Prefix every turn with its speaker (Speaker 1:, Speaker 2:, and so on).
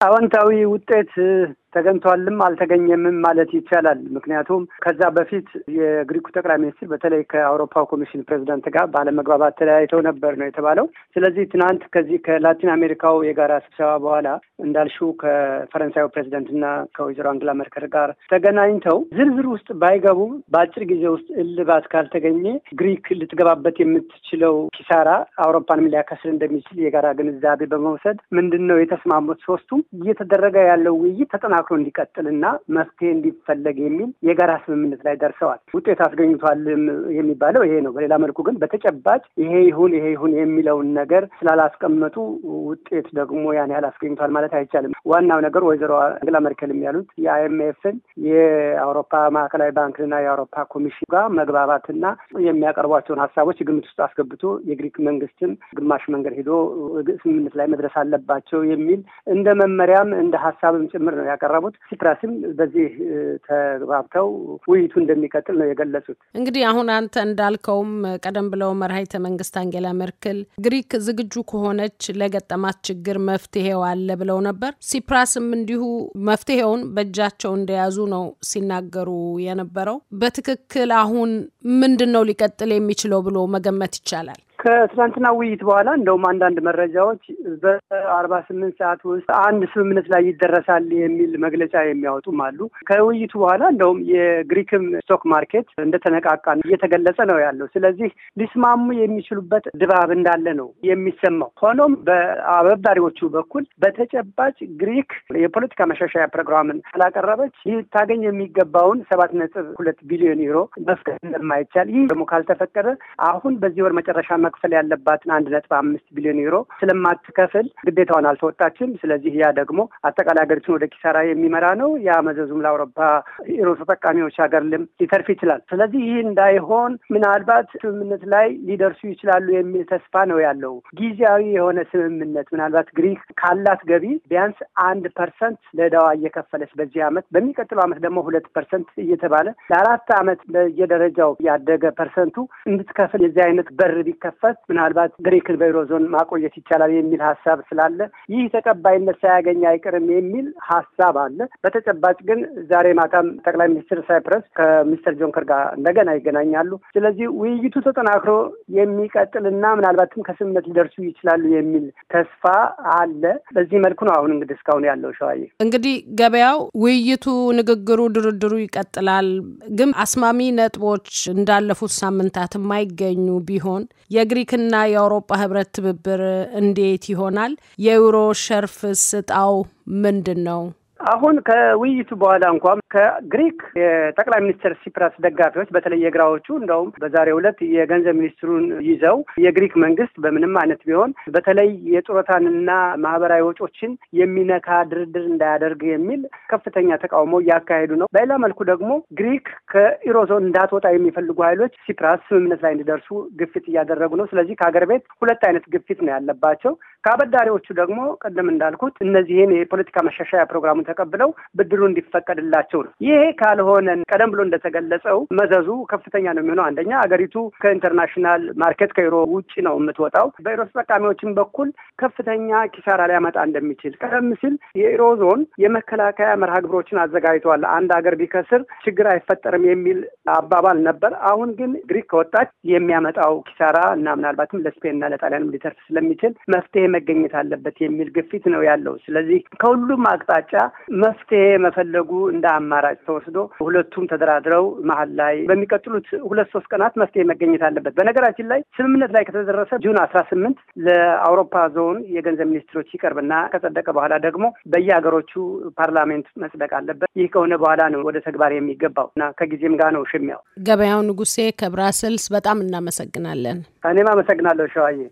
Speaker 1: 阿万，他为五太子。ተገኝቷልም አልተገኘምም ማለት ይቻላል። ምክንያቱም ከዛ በፊት የግሪኩ ጠቅላይ ሚኒስትር በተለይ ከአውሮፓ ኮሚሽን ፕሬዚዳንት ጋር ባለመግባባት ተለያይተው ነበር ነው የተባለው። ስለዚህ ትናንት ከዚህ ከላቲን አሜሪካው የጋራ ስብሰባ በኋላ እንዳልሽው ከፈረንሳዩ ፕሬዚዳንትና ከወይዘሮ አንግላ መርከር ጋር ተገናኝተው ዝርዝር ውስጥ ባይገቡም በአጭር ጊዜ ውስጥ እልባት ካልተገኘ ግሪክ ልትገባበት የምትችለው ኪሳራ አውሮፓንም ሊያከስር እንደሚችል የጋራ ግንዛቤ በመውሰድ ምንድን ነው የተስማሙት። ሶስቱም እየተደረገ ያለው ውይይት ተጠና ተጠናክሮ እንዲቀጥልና መፍትሄ እንዲፈለግ የሚል የጋራ ስምምነት ላይ ደርሰዋል። ውጤት አስገኝቷል የሚባለው ይሄ ነው። በሌላ መልኩ ግን በተጨባጭ ይሄ ይሁን ይሄ ይሁን የሚለውን ነገር ስላላስቀመጡ ውጤት ደግሞ ያን ያህል አስገኝቷል ማለት አይቻልም። ዋናው ነገር ወይዘሮ አንግላ መርከል የሚያሉት የአይኤምኤፍን የአውሮፓ ማዕከላዊ ባንክንና የአውሮፓ ኮሚሽን ጋር መግባባትና የሚያቀርቧቸውን ሀሳቦች ግምት ውስጥ አስገብቶ የግሪክ መንግስትም ግማሽ መንገድ ሄዶ ስምምነት ላይ መድረስ አለባቸው የሚል እንደ መመሪያም እንደ ሀሳብም ጭምር ነው ያቀረ ያቀረቡት ሲፕራስም በዚህ ተግባብተው ውይይቱ እንደሚቀጥል ነው የገለጹት።
Speaker 2: እንግዲህ አሁን አንተ እንዳልከውም ቀደም ብለው መርሃይተ መንግስት አንጌላ መርክል ግሪክ ዝግጁ ከሆነች ለገጠማት ችግር መፍትሄው አለ ብለው ነበር። ሲፕራስም እንዲሁ መፍትሄውን በእጃቸው እንደያዙ ነው ሲናገሩ የነበረው። በትክክል አሁን ምንድን ነው ሊቀጥል የሚችለው ብሎ መገመት ይቻላል?
Speaker 1: ከትናንትና ውይይት በኋላ እንደውም አንዳንድ መረጃዎች በአርባ ስምንት ሰዓት ውስጥ አንድ ስምምነት ላይ ይደረሳል የሚል መግለጫ የሚያወጡም አሉ። ከውይይቱ በኋላ እንደውም የግሪክም ስቶክ ማርኬት እንደተነቃቃ እየተገለጸ ነው ያለው። ስለዚህ ሊስማሙ የሚችሉበት ድባብ እንዳለ ነው የሚሰማው። ሆኖም በአበዳሪዎቹ በኩል በተጨባጭ ግሪክ የፖለቲካ መሻሻያ ፕሮግራምን ካላቀረበች ታገኝ የሚገባውን ሰባት ነጥብ ሁለት ቢሊዮን ዩሮ መፍቀድ እንደማይቻል ይህ ደግሞ ካልተፈቀደ አሁን በዚህ ወር መጨረሻ መክፈል ያለባትን አንድ ነጥብ አምስት ቢሊዮን ዩሮ ስለማትከፍል ግዴታዋን አልተወጣችም። ስለዚህ ያ ደግሞ አጠቃላይ ሀገሪቱን ወደ ኪሳራ የሚመራ ነው። ያ መዘዙም ለአውሮፓ ዩሮ ተጠቃሚዎች ሀገር ልም ሊተርፍ ይችላል። ስለዚህ ይህ እንዳይሆን ምናልባት ስምምነት ላይ ሊደርሱ ይችላሉ የሚል ተስፋ ነው ያለው። ጊዜያዊ የሆነ ስምምነት ምናልባት ግሪክ ካላት ገቢ ቢያንስ አንድ ፐርሰንት ለዕዳዋ እየከፈለች በዚህ አመት፣ በሚቀጥለው አመት ደግሞ ሁለት ፐርሰንት እየተባለ ለአራት አመት በየደረጃው ያደገ ፐርሰንቱ እንድትከፍል የዚህ አይነት በር ቢከፍል በመክፈት ምናልባት ግሪክን በዩሮዞን ማቆየት ይቻላል የሚል ሀሳብ ስላለ ይህ ተቀባይነት ሳያገኝ አይቀርም የሚል ሀሳብ አለ። በተጨባጭ ግን ዛሬ ማታም ጠቅላይ ሚኒስትር ሳይፕረስ ከሚስተር ጆንከር ጋር እንደገና ይገናኛሉ። ስለዚህ ውይይቱ ተጠናክሮ የሚቀጥልና ምናልባትም ከስምምነት ሊደርሱ ይችላሉ የሚል ተስፋ አለ። በዚህ መልኩ ነው አሁን እንግዲህ እስካሁን ያለው ሸዋዬ።
Speaker 2: እንግዲህ ገበያው ውይይቱ፣ ንግግሩ፣ ድርድሩ ይቀጥላል። ግን አስማሚ ነጥቦች እንዳለፉት ሳምንታት የማይገኙ ቢሆን የግሪክና የአውሮፓ ህብረት ትብብር እንዴት ይሆናል? የዩሮ ሸርፍ ስጣው ምንድን ነው?
Speaker 1: አሁን ከውይይቱ በኋላ እንኳ ከግሪክ የጠቅላይ ሚኒስትር ሲፕራስ ደጋፊዎች በተለይ የግራዎቹ እንደውም በዛሬው ዕለት የገንዘብ ሚኒስትሩን ይዘው የግሪክ መንግስት በምንም አይነት ቢሆን በተለይ የጡረታንና ማህበራዊ ወጮችን የሚነካ ድርድር እንዳያደርግ የሚል ከፍተኛ ተቃውሞ እያካሄዱ ነው። በሌላ መልኩ ደግሞ ግሪክ ከኢሮዞን እንዳትወጣ የሚፈልጉ ኃይሎች ሲፕራስ ስምምነት ላይ እንዲደርሱ ግፊት እያደረጉ ነው። ስለዚህ ከሀገር ቤት ሁለት አይነት ግፊት ነው ያለባቸው። ከአበዳሪዎቹ ደግሞ ቅድም እንዳልኩት እነዚህን የፖለቲካ መሻሻያ ፕሮግራሙን ተቀብለው ብድሩ እንዲፈቀድላቸው ቁጥር። ይሄ ካልሆነ ቀደም ብሎ እንደተገለጸው መዘዙ ከፍተኛ ነው የሚሆነው። አንደኛ አገሪቱ ከኢንተርናሽናል ማርኬት ከዩሮ ውጭ ነው የምትወጣው። በዩሮ ተጠቃሚዎችን በኩል ከፍተኛ ኪሳራ ሊያመጣ እንደሚችል ቀደም ሲል የዩሮ ዞን የመከላከያ መርሃ ግብሮችን አዘጋጅተዋል። አንድ ሀገር ቢከስር ችግር አይፈጠርም የሚል አባባል ነበር። አሁን ግን ግሪክ ከወጣች የሚያመጣው ኪሳራ እና ምናልባትም ለስፔንና ለጣሊያንም ሊተርፍ ስለሚችል መፍትሄ መገኘት አለበት የሚል ግፊት ነው ያለው። ስለዚህ ከሁሉም አቅጣጫ መፍትሄ መፈለጉ እንዳ አማራጭ ተወስዶ ሁለቱም ተደራድረው መሀል ላይ በሚቀጥሉት ሁለት ሶስት ቀናት መፍትሄ መገኘት አለበት። በነገራችን ላይ ስምምነት ላይ ከተደረሰ ጁን አስራ ስምንት ለአውሮፓ ዞን የገንዘብ ሚኒስትሮች ይቀርብና ከጸደቀ በኋላ ደግሞ በየሀገሮቹ ፓርላሜንት መጽደቅ አለበት። ይህ ከሆነ በኋላ ነው ወደ ተግባር የሚገባው እና ከጊዜም ጋር ነው ሽሚያው።
Speaker 2: ገበያው ንጉሴ ከብራስልስ በጣም እናመሰግናለን። እኔም አመሰግናለሁ
Speaker 1: ሸዋዬ።